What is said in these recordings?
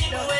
fade away.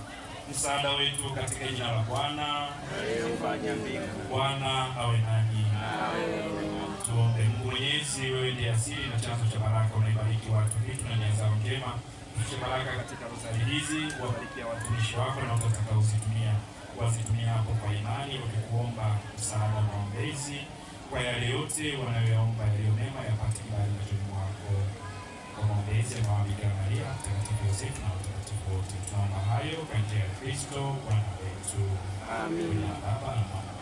msaada wetu katika jina la Bwana. Bwana awe nanyi. Tuombe. Mungu Mwenyezi, wewe ndiye asili na chanzo cha baraka, unaibariki watu vitu na nyanza njema. Tuche baraka katika rozari hizi, wabarikia watumishi wako na uzitumia wazitumia hapo kwa imani, wakikuomba msaada na maombezi kwa yale yote wanayoyaomba yaliyo mema, yapate kibali machoni mwako, kwa maombezi ya Maria, Mtakatifu Yosefu na Prince Cristo, one way Amen.